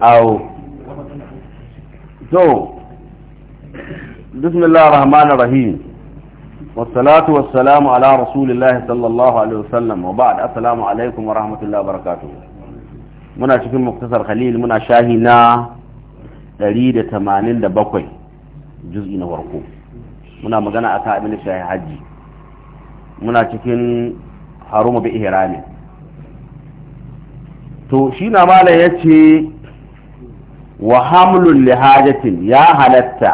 awo to bismillah rahman rahim wasalatu wassalamu ala rasulillahi sallallahu alaihi wa ba'd assalamu alaikum wa rahmatullahi wa barakatuh muna cikin muktasar khalil muna shahi na bakwai juz'i na farko muna magana akan abin shahi hajji muna cikin haruma bi ihramin to shi na mala ya ce wa hamlun lihajatin ya halatta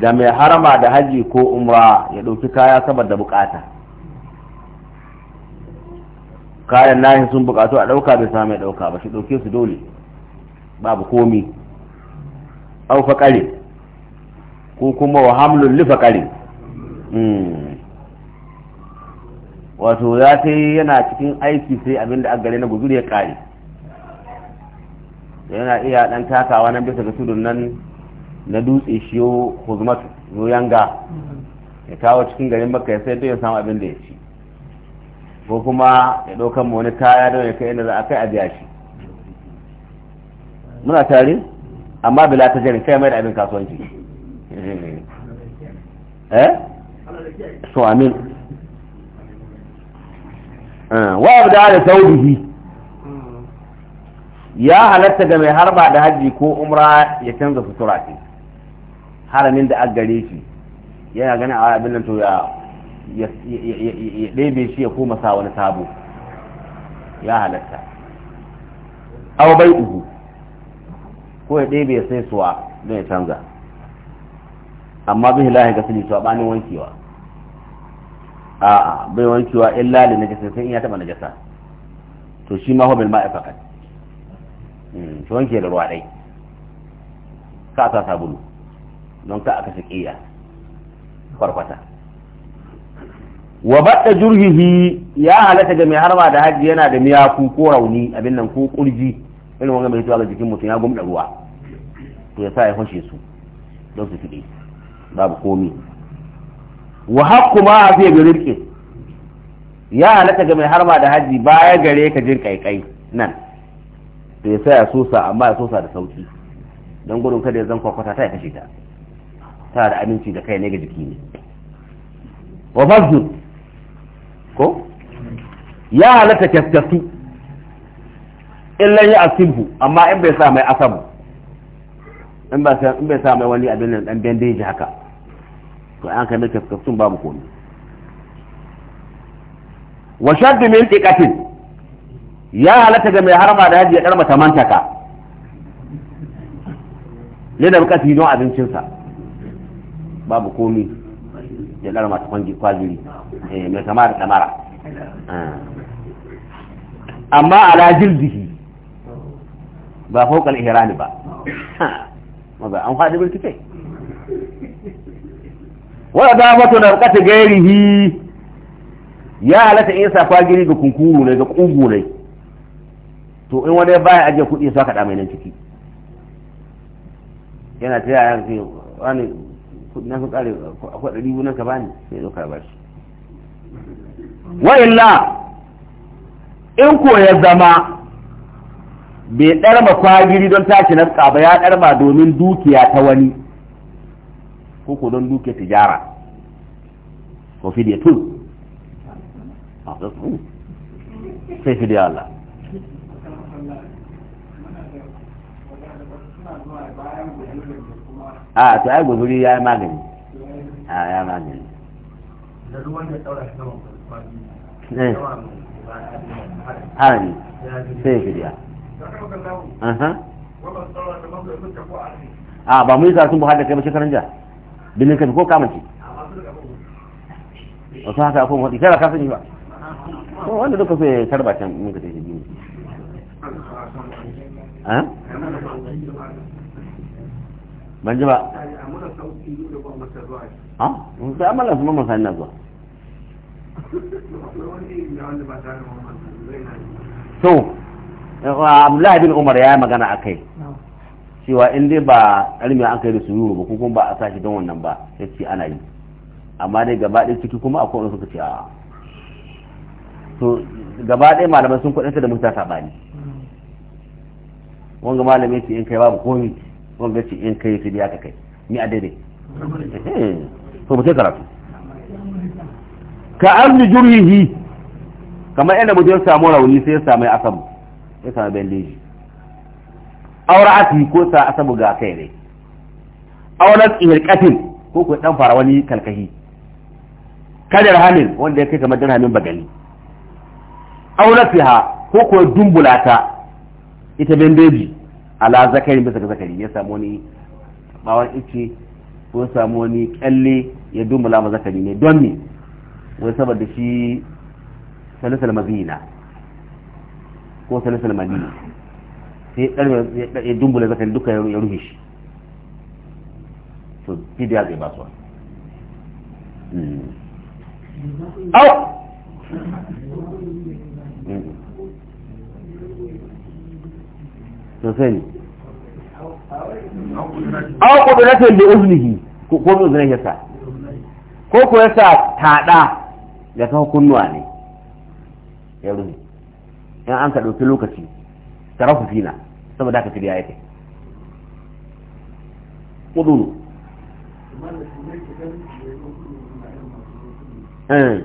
ga mai harama da haji ko umra ya ɗauki kaya saboda bukata kayan nahi sun bukatu a ɗauka bai samu ya ɗauka ba shi ɗauke su dole babu komi au faƙare ko kuma wa hamlun li faƙare hmm. wato ya ta yana cikin aiki sai abinda aggare na guzuri ya kare. yana iya dan takawa nan bisa ga tudun nan na dutse shi yo huzmat yo yanga ya kawo cikin garin makka ya sai don ya samu abin da ya ci ko kuma ya ɗaukan wani kaya don ya kai inda za a kai a biya shi muna tare amma bila ta jarin kai mai da abin kasuwanci eh so amin eh, wa abda da saudihi ya halatta ga mai harba da hajji ko umra ya canza sutura ce haramin da aggare shi yana ganin a ah, abin nan to ya ɗebe shi ya koma sa wani sabo ya halatta aw bai uhu ko ya ɗebe sai suwa don ya canza amma bihi lahi ga sili suwa bani wankewa a'a bai wankewa illa li najasa sai in ya taba najasa to shi ma hubil ma'a fakat ki mm, wanke da ruwa dai ka ta sabulu don ka aka shakiya farfata. wa badda jurhihi ya halata ga mai harma da haji yana da miyaku ko rauni abin nan ko kurji irin wanga mai tuwa ga jikin mutum ya gumda ruwa to ya sa ya fashe su don su fiɗe babu komi wa haƙƙu ma a fiye birke ya halatta ga mai harma da haji baya gare ka jin ƙaiƙai nan to ya saya sosa amma ya sosa da sauki don gudun kada ya zan kwakwata ta ya kashe ta ta da aminci da kai ne ga jiki ne wa fazdu ko ya halatta in lan yi asibu amma in bai sa mai asabu in bai sa mai wani abin nan dan bandeji haka to an kai mai kyaskyastu babu komai wa shaddu min tiqatin ya halatta ga mai harba da haji ya karma ta mantaka da bukatu don abincinsa babu komi ya karma ta kwangi kwajiri eh, mai kama da kamara ah. amma a ala jirgihi ba fokal ihrami ba maza an faɗi birkice wadda mutu na bukatu gairihi ya halatta in sa kwagiri ga kunkuru ne ga ƙugu ne to in wani baya ajiye kuɗi sa kaɗa mai nan ciki yana ta yaya ce wani kuɗi na sun ƙare akwai ɗari biyu nan ka bani sai zo ba shi wa illa in ko ya zama bai ɗarma kwagiri don tashi na ba ya ɗarma domin dukiya ta wani ko ko don dukiya tijara ko fidiyatun sai fidiyar a to ai guzuri ya yi magani a ya magani ne eh. sai shirya a ba mu yi zarafin buhari da kai mace karanja bilin kai ko kamanci wasu haka akwai wata ikara kasan ba wanda duka so ya tarba can ne ta shi ban ji ba a sai amala kuma masu hannun zuwa to abdullahi bin umar ya yi magana a kai cewa in dai ba ilmi an kai da sururu ba kuma ba a sashi don wannan ba ya ce ana yi amma dai gaba ɗaya ciki kuma a kowane suka ce a to gaba ɗaya malamai sun kwaɗanta da ba ne wanga malamai ce in kai babu komi wanda in kai su biya ka kai ni a daidai so eh, mutai karatu ka amni jurhihi kamar yadda mutum ya samu rauni sai ya samu asabu ya samu bandeji aura'ati ko sa asabu ga kai ne auren ihirkatin ko ku dan fara wani kalkahi kadar halin wanda ya kai kamar dirhamin bagali auratiha ko ko dumbulata ita bandeji ala zakari bisa ga zakari ya samu wani bawar ice ko ya samu wani kyalle ya dumula ma zakari ne don ne wai saboda shi salisal mazina ko salisal madina sai ya dumbula zakari duka ya rufe shi to fidiya zai ba su awa sosai hmm. hmm. ne aw qudratin bi uznihi ko ko uznihi yasa ko ko yasa taɗa da ta kunnuwa ne ya rufe in an ka dauki lokaci rafu fina saboda ka shirya yake qudunu eh.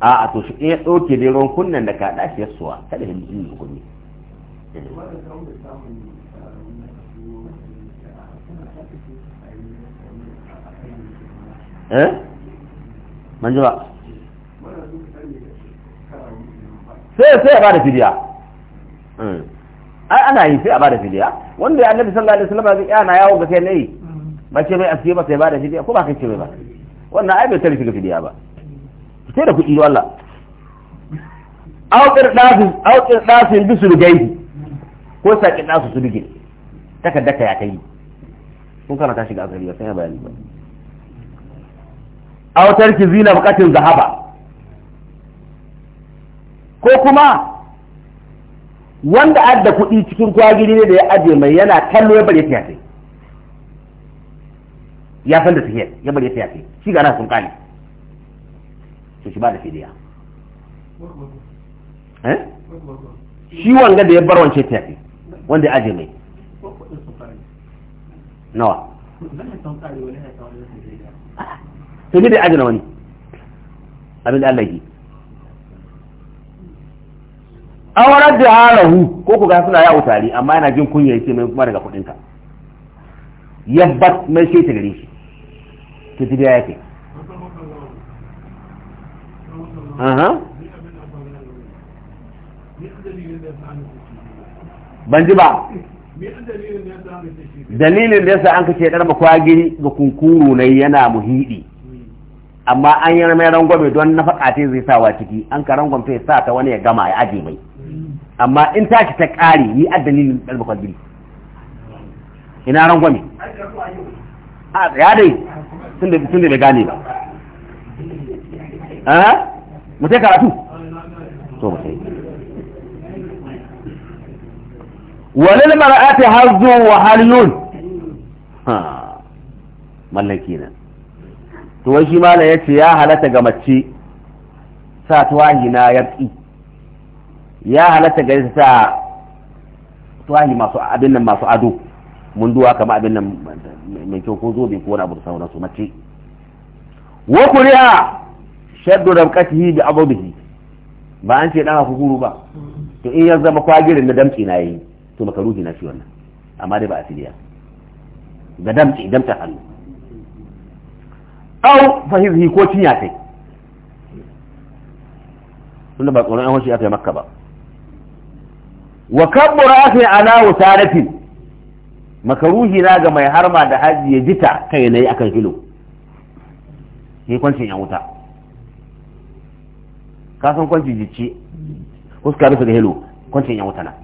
a a to shi ya ɗauke da ruwan kunnan da ka ɗashi ya suwa kada ne ji hukumi eh ban ba sai sai ya bada fidiya hmm. ai ana yi sai a bada fidiya wanda ya annabi sallallahu alaihi wasallam ya na yawo ga sai ne ba ce mai asiye ba sai bada fidiya ko ba kai ce mai ba wannan ai bai tarifi ga fidiya ba sai da kuɗi wallah auƙir ɗafin auƙir ɗafin bisu gaibi ko saki ɗasu su bigin takaddaka ya kai kun kana tashi ga asali ba sai ya bayani ba aw tarki zina bukatin zahaba ko kuma wanda adda kuɗi cikin kwagiri ne da ya aje mai yana kallo ya bari ya sai ya san da tafiyar ya bari ya sai shi ga na sun kali to shi ba da fidiya eh shi wanga da ya bar wance sai wanda ya aje mai nawa to ji da ajina wani abin da Allah yi awarar da harahu ko ku ga suna yawo tare amma yana jin kunya yake mai kuma daga kudinka ya yabbat mai shi ta gare shi to ji da yake aha ban ji ba dalilin da yasa an kace dar makwagi ga kunkuru ne yana muhidi amma an yi mai rangwame don na faɗa ce zai sawa ciki an ka rangwame sai sa ta wani ya gama ya aje mai amma in ta ta ƙari ni a dalilin dar makwagi ina rangwame a ya dai tun da bai gane ba eh? mutai karatu to mutai walil mar'ati hazzu wa halyun ha mallaki nan to wai shi malam yace ya halata ga mace sa tuwahi na yaki ya halata ga sa tuwahi masu abin nan masu ado mun duwa kama abin nan mai kyau ko zobe ko wani abu da sauran su mace wa kuriya shaddu rabqatihi bi abubihi ba an ce dan haka ba to in ya zama kwagirin da damci na yi to ruhi na shi wannan amma dai ba a filiya ga damci damta hannu au fahimhi ko cinya kai tunda ba tsoron yan hoshi aka yi makka ba wa kabbura aka ala wasaratin makaruhi na ga mai harma da haji ya jita kai na yi akan filo ne kwancin yan wuta kasan kwanci jici huska rufe da hilo kwancin yan wuta na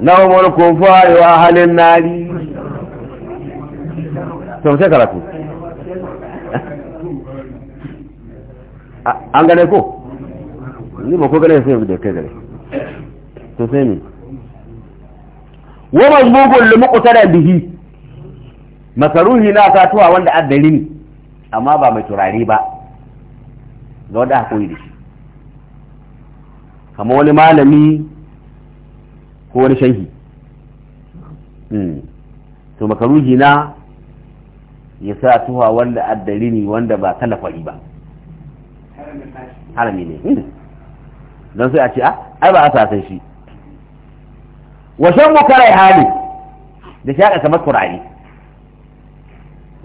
na mulkun farewa halin nari sau sai karatu an gane ko ni ba ko gane sai da kai gane to sai ne wa kusa da bihi Masaruhi na katuwa wanda adalini. amma ba mai turare ba ga wanda aka koyi da shi kama wani malami ko wani shanhi hmm. to makaruhi na ya sa tuha wanda addari ne wanda ba talafari ba harami ne hmm. don sai a ce ah, ai ba a sasai shi washen mukarai hali da shi shaƙa kamar turare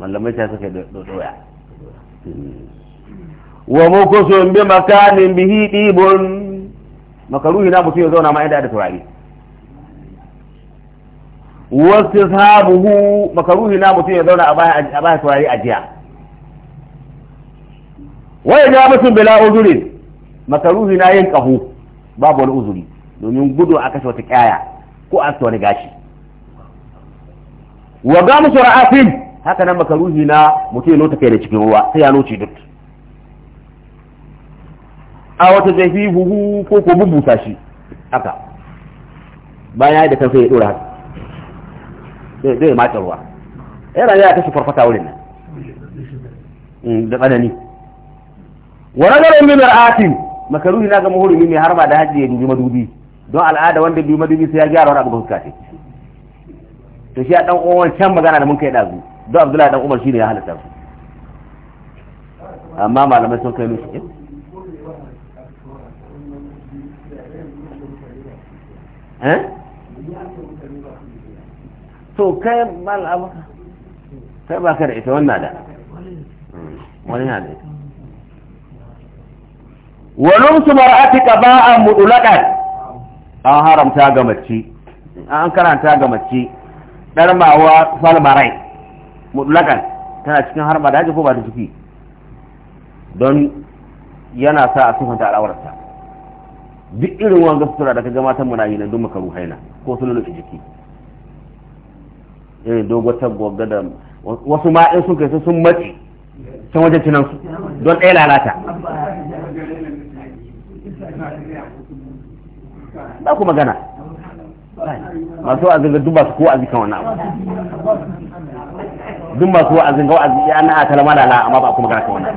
mallamai ta suka doya Hmm. wa mukusun bi makanin bihi dibun makaruhi na mutum ya zauna ma inda da turare wasu sabuhu makaruhi na mutum ya zauna a baya turare a jiya ya mutum bila uzurin makaruhi na yin kahu babu wani uzuri domin gudu a kashe wata kyaya ko a wani gashi wa ga musu ra'afin haka nan ruhi na mutum ya lota kai da cikin ruwa sai ya loce duk a wata zafi huhu ko ko bubusa shi haka bayan ya yi da kan sai ya dora haka zai zai mace ruwa yana ya tashi farfata wurin nan mm, da tsanani wa nazarin bi mar'atin makaruhi na ga muhurimi mai harba da hajji ya dubi madubi don al'ada wanda bi madubi sai ya gyara wani abu ga fuska to shi a dan uwan can magana da mun kai dazu don abdullahi dan umar shine ya halatta su amma malamai sun kai mishi eh, eh? to kai mal abuka kai ba ka da ita wannan da hmm, wani na da ita walin su mar'atika ba'an mudulakan an haramta ga mace an karanta ga mace ɗarmawa falmarai mutlakan tana cikin harba da haji ko ba ta ciki don yana sa a sufanta al'awarsa duk irin wanga sutura da kaga matan muna yi nan duk makaru haina ko sun lulluɓe jiki irin dogon tabbogga da wasu ma in sun kai sun mace can wajen cinansu don ɗaya lalata ba ku magana masu a zirga duba su ko a zikan wani abu duk masu wa'azin ga wa'azi ya na aka lamala na amma ba kuma gaka wannan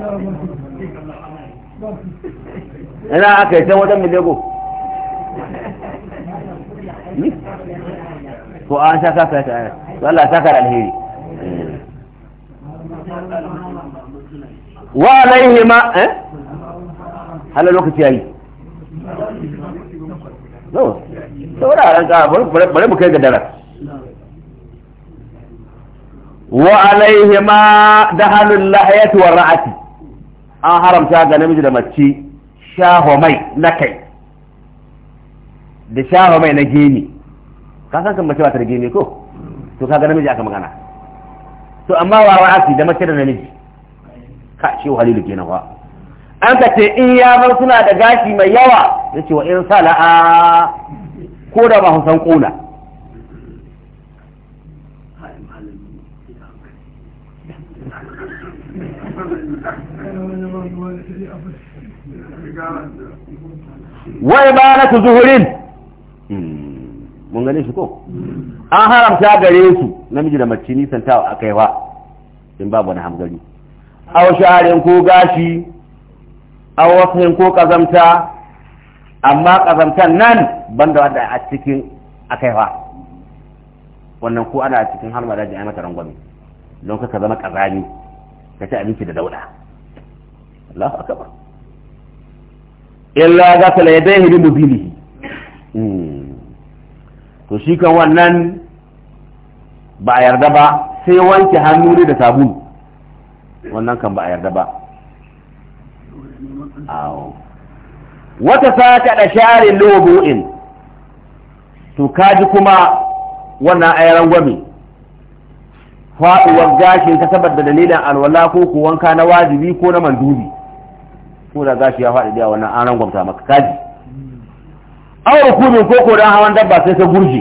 ina aka yi can wajen milego to an sha kasa ta ayar eh. Allah saka da alheri wa alaihi ma eh hala lokaci yayi no saboda ran ka bare mu kai ga darar ma وعليهما دهن wa والرعة an haramta ga namiji da mace shahomai na kai da shahomai na gini kasan kan mace ba ta da gini ko to kaga namiji aka magana to amma wa ra'asi da mace da namiji ka shi halilu kenan wa an ka ce in ya bar suna da gashi mai yawa yace wa in sala'a ko da ba san kula. wa ibanatu zuhurin mun gane shi ko an haramta gare su namiji da mace nisan tawa a kaiwa in babu wani hamgari aw sharin ko gashi aw wasin ko kazamta amma kazamtan nan banda wanda a cikin a kaiwa wannan ko ana cikin har ma daji ai mata rangwame don ka zama kazani ka ci abinci da dauda Allahu akbar illa gasala yadayhi bi mubili hmm. to shi kan wannan ba a yarda ba sai wanke hannu ne da sabulu wannan kan ba a yarda ba wata saka da share lobu'in to kaji kuma wannan ayaran gwami faɗuwar gashin ta saboda dalilin alwala ko kuwanka na wajibi ko na mandubi ko da gashi ya faɗi da wannan an rangwamta maka kaji awa kubin ko ko dan hawan dabba sai ta gurje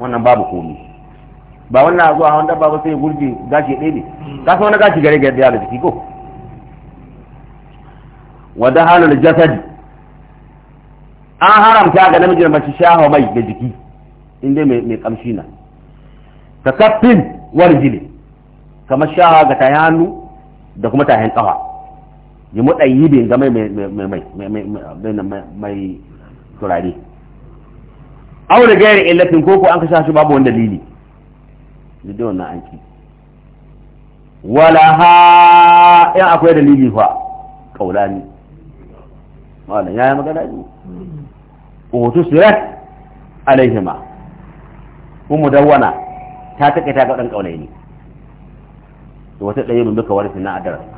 wannan babu komi ba wannan a zuwa hawan dabba ba sai ya gurje gashi ɗaya ne ka san wani gashi gare gare da jiki ko wa dahalul jasadi an haramta ga namijin mace shaho mai da jiki inda mai kamshi na takaffin warjili kamar shawa ga ta hannu da kuma tayan kafa yi bin ga mai mai turare aure gayar illafin koko an kasha shi babu wani dalili da wannan an ki wala ha yan akwai dalili fa wala Ya yi magana ne hoto sirat alaihima kuma mudawwana ta take ta ga dan kaulai ne wata ɗaya mun duka wani sinadar